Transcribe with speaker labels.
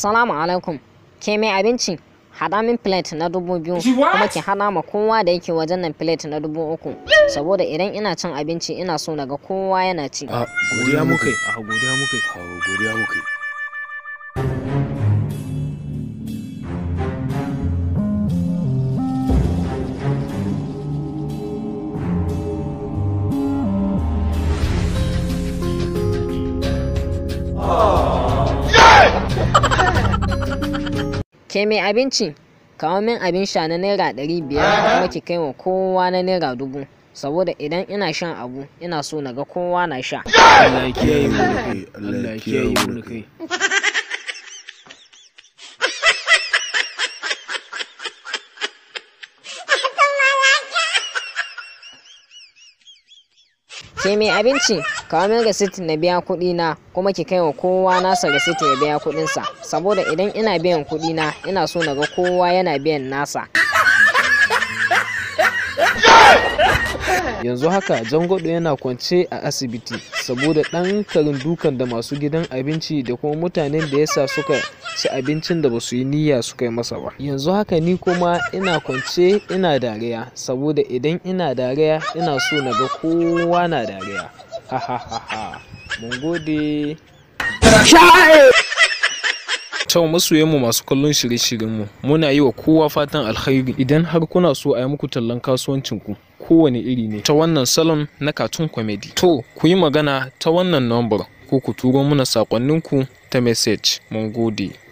Speaker 1: Assalamu alaikum. Ke mai abinci? Haɗa min plate na dubu biyu kuma ki haɗa ma kowa da yake wajen nan plate na dubu uku. Saboda idan ina cin abinci ina so daga kowa yana ci. A ah,
Speaker 2: godiya A ah, godiya A godiya
Speaker 1: Ke mai abinci, kawo min abin sha na naira ɗari biyar da kaiwa kai wa kowa na naira dubu. saboda idan ina shan abu ina so na ga kowa na sha. Ke mai abinci, kawo min receipt na biya kuɗi na kuma ki kai wa kowa nasa receipt ya biya kuɗin sa saboda idan ina biyan kuɗi na ina so na ga kowa yana biyan nasa
Speaker 2: yanzu haka jangodo yana kwance a asibiti saboda ɗan karin dukan da masu gidan abinci da kuma mutanen da yasa suka ci abincin da ba su yi niyya suka yi masa ba yanzu haka ni kuma ina kwance ina dariya saboda idan ina dariya ina so na ga kowa na dariya mun gode
Speaker 3: Tau masoyanmu masu kallon shirye-shiryenmu muna yi wa kowa fatan alkhairi idan har kuna so a yi muku tallan kasuwancinku kowane iri ne ta wannan salon na katun comedy. To ku yi magana ta wannan number ko ku turo muna sakonninku ta message. Mun gode.